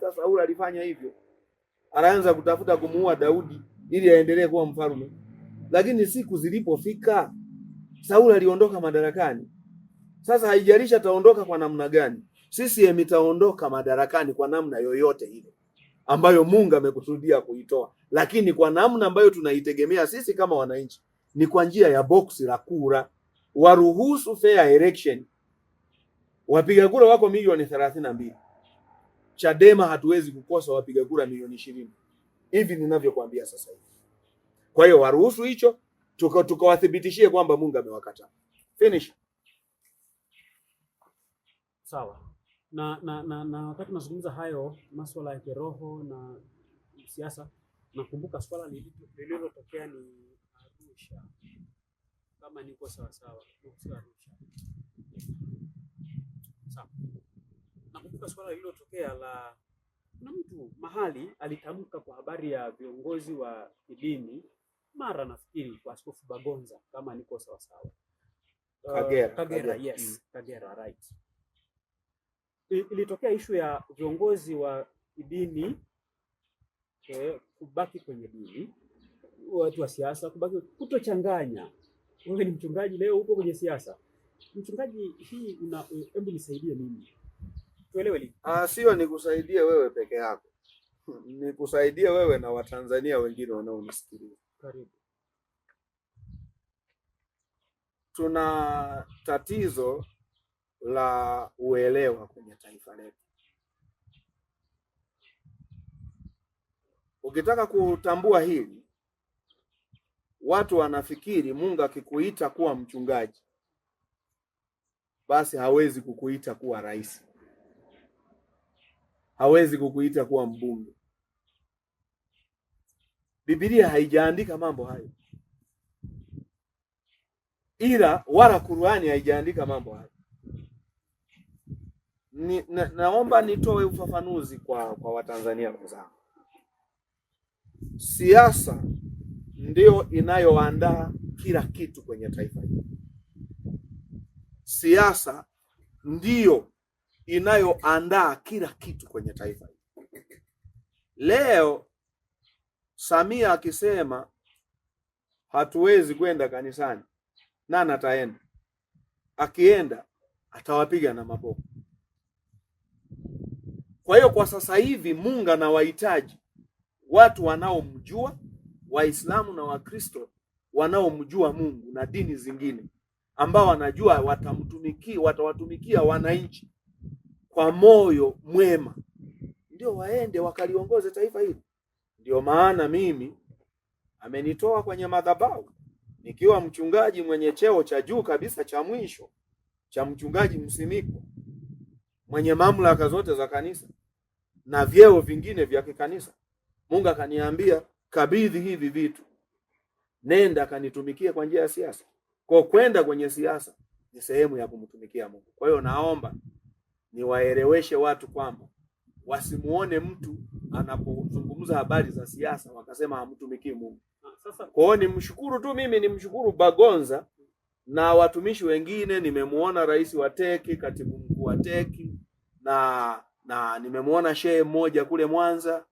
hata Sauli alifanya hivyo, anaanza kutafuta kumuua Daudi ili aendelee kuwa mfalme. Lakini siku zilipofika, Sauli aliondoka madarakani. Sasa haijalishi ataondoka kwa namna gani, CCM itaondoka madarakani kwa namna yoyote ile ambayo Mungu amekusudia kuitoa, lakini kwa namna ambayo tunaitegemea sisi kama wananchi ni kwa njia ya boksi la kura. Waruhusu fair election. Wapiga kura wako milioni thelathini na mbili. Chadema hatuwezi kukosa wapiga kura milioni ishirini hivi ninavyokuambia sasa hivi. Kwa hiyo waruhusu hicho, tukawathibitishie tuka kwamba Mungu amewakata Finish. Sawa na na na, na wakati tunazungumza hayo masuala ya kiroho na siasa, nakumbuka swala lililotokea ni Arusha, kama niko sawasawa, sawa. Sawa nakumbuka swala lililotokea la kuna mtu mahali alitamka kwa habari ya viongozi wa kidini, mara nafikiri kwa Askofu Bagonza kama niko sawa. uh, Kagera, Kagera, Kagera. Yes, mm. Kagera, right. Ilitokea ishu ya viongozi wa kidini okay, eh, kubaki kwenye dini, watu wa siasa kubaki, kutochanganya. Wewe ni mchungaji, leo uko kwenye siasa, mchungaji, hii una, eh, hebu nisaidie mimi sikuelewi. Ah, sio nikusaidie wewe peke yako, nikusaidie wewe na Watanzania wengine wanaonisikiliza. Karibu. Tuna tatizo la uelewa kwenye taifa letu. Ukitaka kutambua hili, watu wanafikiri Mungu akikuita kuwa mchungaji basi hawezi kukuita kuwa rais hawezi kukuita kuwa mbunge. Biblia haijaandika mambo hayo, ila wala Qur'ani haijaandika mambo hayo. Ni, na, naomba nitoe ufafanuzi kwa kwa Watanzania wenzangu. Siasa ndio inayoandaa kila kitu kwenye taifa hili. Siasa ndiyo inayoandaa kila kitu kwenye taifa hili. Leo Samia akisema hatuwezi kwenda kanisani, nani ataenda? Akienda atawapiga na maboko Kwa hiyo kwa sasa hivi Mungu anawahitaji watu wanaomjua, Waislamu na Wakristo wanaomjua Mungu na dini zingine ambao wanajua watamtumikia, watawatumikia wananchi kwa moyo mwema, ndio waende wakaliongoze taifa hili. Ndio maana mimi amenitoa kwenye madhabahu nikiwa mchungaji mwenye cheo cha juu kabisa cha mwisho cha mchungaji msimiko mwenye mamlaka zote za kanisa na vyeo vingine vya kikanisa. Mungu akaniambia kabidhi hivi vitu, nenda kanitumikie kwa njia ya siasa. Kwa kwenda kwenye siasa ni sehemu ya kumtumikia Mungu. Kwa hiyo naomba niwaeleweshe watu kwamba wasimuone mtu anapozungumza habari za siasa wakasema hamtumikii Mungu. Kwa hiyo nimshukuru tu, mimi nimshukuru Bagonza na watumishi wengine. Nimemuona rais wa teki, katibu mkuu wa teki na na nimemuona shehe mmoja kule Mwanza,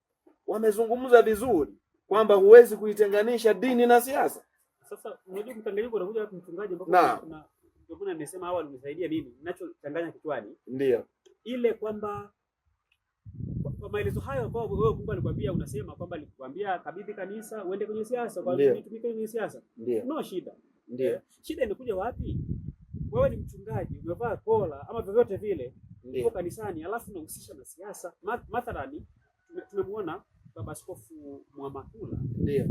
wamezungumza vizuri kwamba huwezi kuitenganisha dini na siasa. Sasa, kuna ndio nimesema hawa walinisaidia mimi, ninachochanganya kichwani ndio ile kwamba kwa maelezo hayo ambao wewe Mungu alikwambia, unasema kwamba alikwambia kabidhi kanisa uende kwenye siasa, kwa nini tumike kwenye siasa? No shida. Ndio. Yeah. Shida inakuja wapi? Wewe ni mchungaji, umevaa kola ama vyovyote vile, uko kanisani alafu unahusisha na siasa. Mathalani tumemwona baba askofu Mwamakula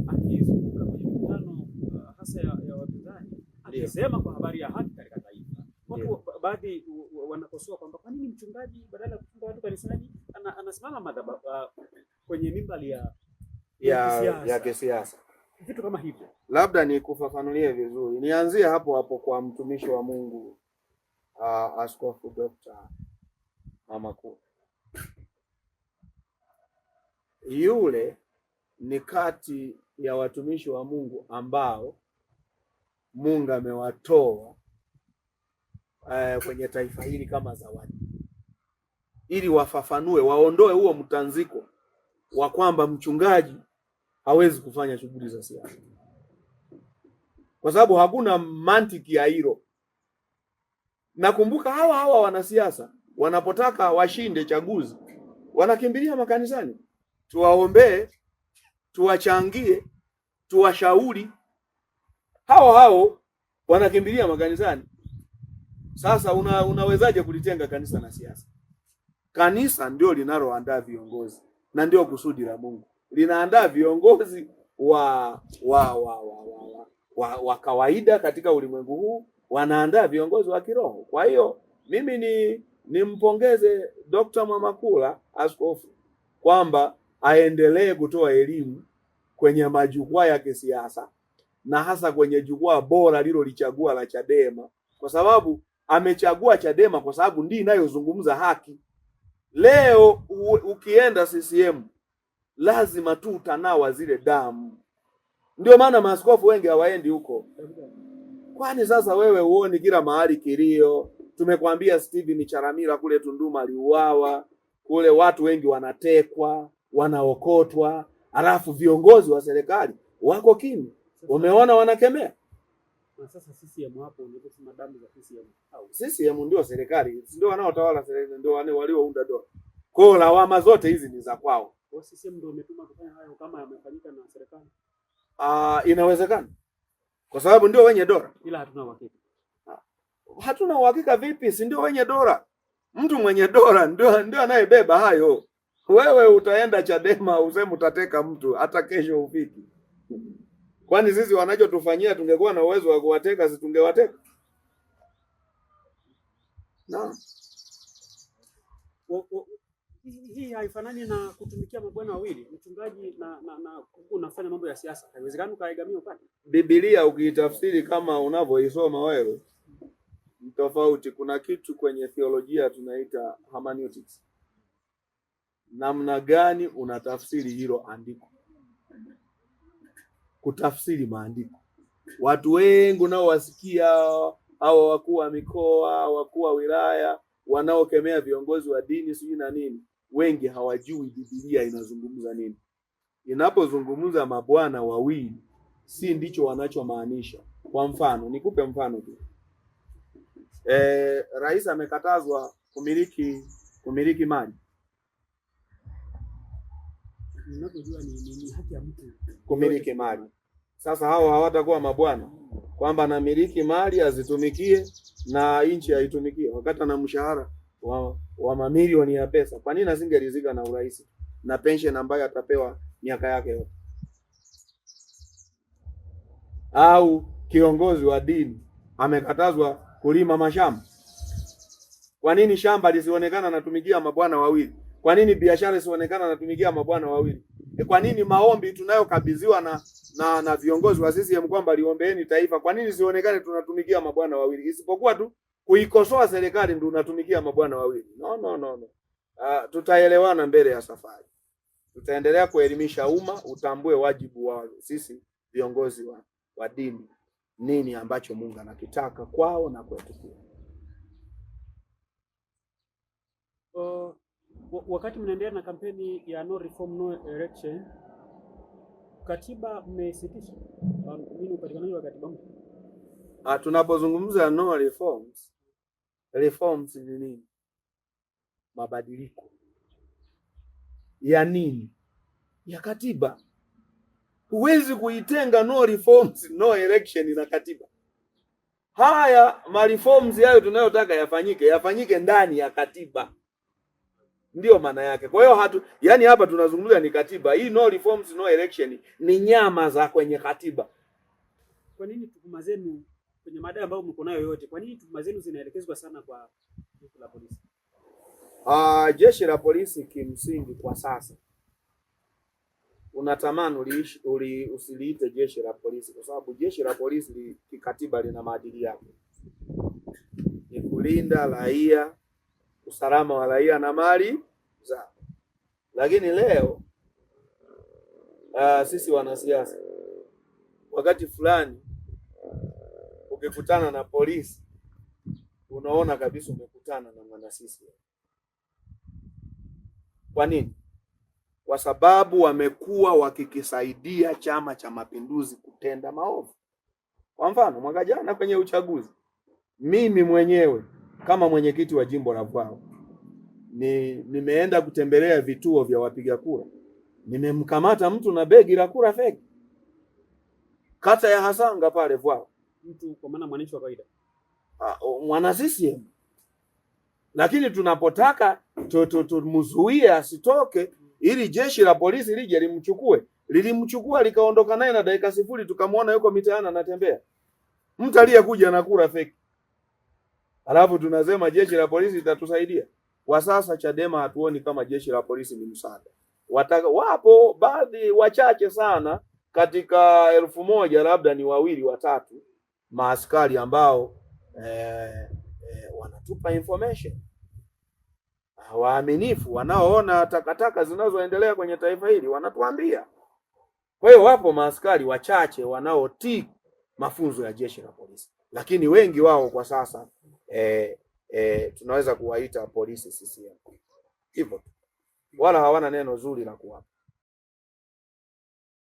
akizunguka kwenye mikutano uh, hasa ya wapinzani alisema kwa habari ya haki katika taifa. Watu baadhi wanakosoa kwamba kwa nini mchungaji badala ya kufunga watu kanisani ana, anasimama madhabahu uh, kwenye mimbari ya ya kisiasa vitu kama hivyo. Labda nikufafanulie vizuri, nianzie hapo hapo kwa mtumishi wa Mungu uh, Askofu Dr. Mama Kuu yule ni kati ya watumishi wa Mungu ambao Mungu amewatoa uh, kwenye taifa hili kama zawadi, ili wafafanue, waondoe huo mtanziko wa kwamba mchungaji hawezi kufanya shughuli za siasa, kwa sababu hakuna mantiki ya hilo. Nakumbuka hawa hawa wanasiasa wanapotaka washinde chaguzi wanakimbilia makanisani, tuwaombee, tuwachangie, tuwashauri hao hao wanakimbilia makanisani. Sasa una, unawezaje kulitenga kanisa na siasa? Kanisa ndio linaloandaa viongozi na ndio kusudi la Mungu, linaandaa viongozi wa wa wa, wa, wa, wa, wa kawaida katika ulimwengu huu, wanaandaa viongozi wa kiroho. Kwa hiyo mimi ni nimpongeze Dr. Mwamakula askofu kwamba aendelee kutoa elimu kwenye majukwaa ya kisiasa na hasa kwenye jukwaa bora lilolichagua la Chadema, kwa sababu amechagua Chadema kwa sababu ndii inayozungumza haki. Leo ukienda CCM lazima tu utanawa zile damu. Ndio maana maaskofu wengi hawaendi huko. Kwani sasa wewe huoni kila mahali kilio? Tumekwambia Steven charamira kule Tunduma aliuawa, kule watu wengi wanatekwa, wanaokotwa, halafu viongozi wa serikali wako kimya. Umeona wanakemea na ah, sasa CCM hapo unasema damu za CCM. CCM ndio serikali, ndio wanaotawala serikali, ndio wale waliounda dola. Kwa hiyo lawama zote hizi ni za kwao. Kwa CCM ndio umetuma kufanya hayo kama yamefanyika na serikali. Ah, uh, inawezekana. Kwa sababu ndio wenye dola. Ila hatuna uhakika. Ah, hatuna uhakika vipi? Si ndio wenye dola. Mtu mwenye dola ndio ndio anayebeba hayo. Wewe utaenda Chadema useme utateka mtu hata kesho ufiki. Kwani sisi wanachotufanyia tungekuwa na uwezo wa kuwateka, si tungewateka? hii haifanani na kutumikia mabwana wawili, mchungaji na na, na unafanya mambo ya siasa. Haiwezekani ukaegamia upate. Biblia ukiitafsiri kama unavyoisoma wewe tofauti. Kuna kitu kwenye theolojia tunaita hermeneutics, namna gani unatafsiri hilo andiko kutafsiri maandiko. Watu wengi unaowasikia hawa wakuu wa mikoa, wakuu wa wilaya wanaokemea viongozi wa dini sijui na nini, wengi hawajui Biblia inazungumza nini. Inapozungumza mabwana wawili, si ndicho wanachomaanisha. Kwa mfano, nikupe mfano tu e, rais amekatazwa kumiliki kumiliki mali unavyojua ni, ni, ni haki ya mtu kumiliki mali. Sasa hao hawatakuwa mabwana kwamba namiliki mali azitumikie na nchi aitumikie, wakati ana mshahara wa, wa mamilioni ya pesa. Kwa nini asingeridhika na urahisi na pension ambayo atapewa miaka yake yote? Au kiongozi wa dini amekatazwa kulima mashamba, kwa nini shamba lisionekana anatumikia mabwana wawili? Kwa nini biashara isionekana natumikia mabwana wawili? E, kwa nini maombi tunayokabidhiwa na na na viongozi wa CCM kwamba liombeeni taifa, kwa nini sionekane tunatumikia mabwana wawili? Isipokuwa tu kuikosoa serikali ndio unatumikia mabwana wawili. No, no, no, no. Uh, tutaelewana mbele ya safari. Tutaendelea kuelimisha umma utambue wajibu wa sisi viongozi wa, wa dini, nini ambacho Mungu anakitaka kwao na kwetu pia. Wakati mnaendelea na kampeni ya no reform no election, katiba mmesitisha nini ah, upatikanaji wa katiba mpya? Ah, tunapozungumza no reforms, reforms ni nini? Mabadiliko ya nini? Ya katiba. Huwezi kuitenga no reforms no election na katiba. Haya ma reforms hayo tunayotaka yafanyike, yafanyike ndani ya katiba. Ndiyo maana yake. Kwa hiyo hatu yani, hapa tunazungumza ni katiba hii, no reforms no election, ni nyama za kwenye katiba. Kwa nini tuhuma zenu kwenye mada ambayo mko nayo yote, kwa nini tuhuma zenu zinaelekezwa sana kwa jeshi la polisi? Ah, jeshi la polisi kimsingi kwa sasa unatamani uliishi uli, usiliite jeshi la polisi kwa sababu jeshi la polisi li, kikatiba lina maadili yake, ni kulinda raia usalama wa raia na mali zao. Lakini leo aa, uh, sisi wanasiasa wakati fulani ukikutana na polisi unaona kabisa umekutana na mwanasiasa. Kwa nini? Kwa sababu wamekuwa wakikisaidia Chama cha Mapinduzi kutenda maovu. Kwa mfano, mwaka jana kwenye uchaguzi mimi mwenyewe kama mwenyekiti wa jimbo la Vwawa ni nimeenda kutembelea vituo vya wapiga kura, nimemkamata mtu na begi la kura feki kata ya Hasanga pale Vwawa, mtu kwa maana mwananchi wa kawaida, ah, mwana CCM. Lakini tunapotaka tumzuie asitoke ili jeshi la polisi lije limchukue, lilimchukua likaondoka naye na dakika sifuri, tukamwona yuko mitaani anatembea, mtu aliyekuja na kura feki alafu tunasema jeshi la polisi litatusaidia. Kwa sasa Chadema hatuoni kama jeshi la polisi ni msaada. Wataka, wapo baadhi wachache sana katika elfu moja labda ni wawili watatu maaskari ambao eh, eh, wanatupa information waaminifu, wanaoona takataka zinazoendelea kwenye taifa hili wanatuambia. Kwa hiyo wapo maaskari wachache wanaotii mafunzo ya jeshi la polisi, lakini wengi wao kwa sasa eh, eh, tunaweza kuwaita polisi CCM hivyo wala hawana neno zuri la kuwapa.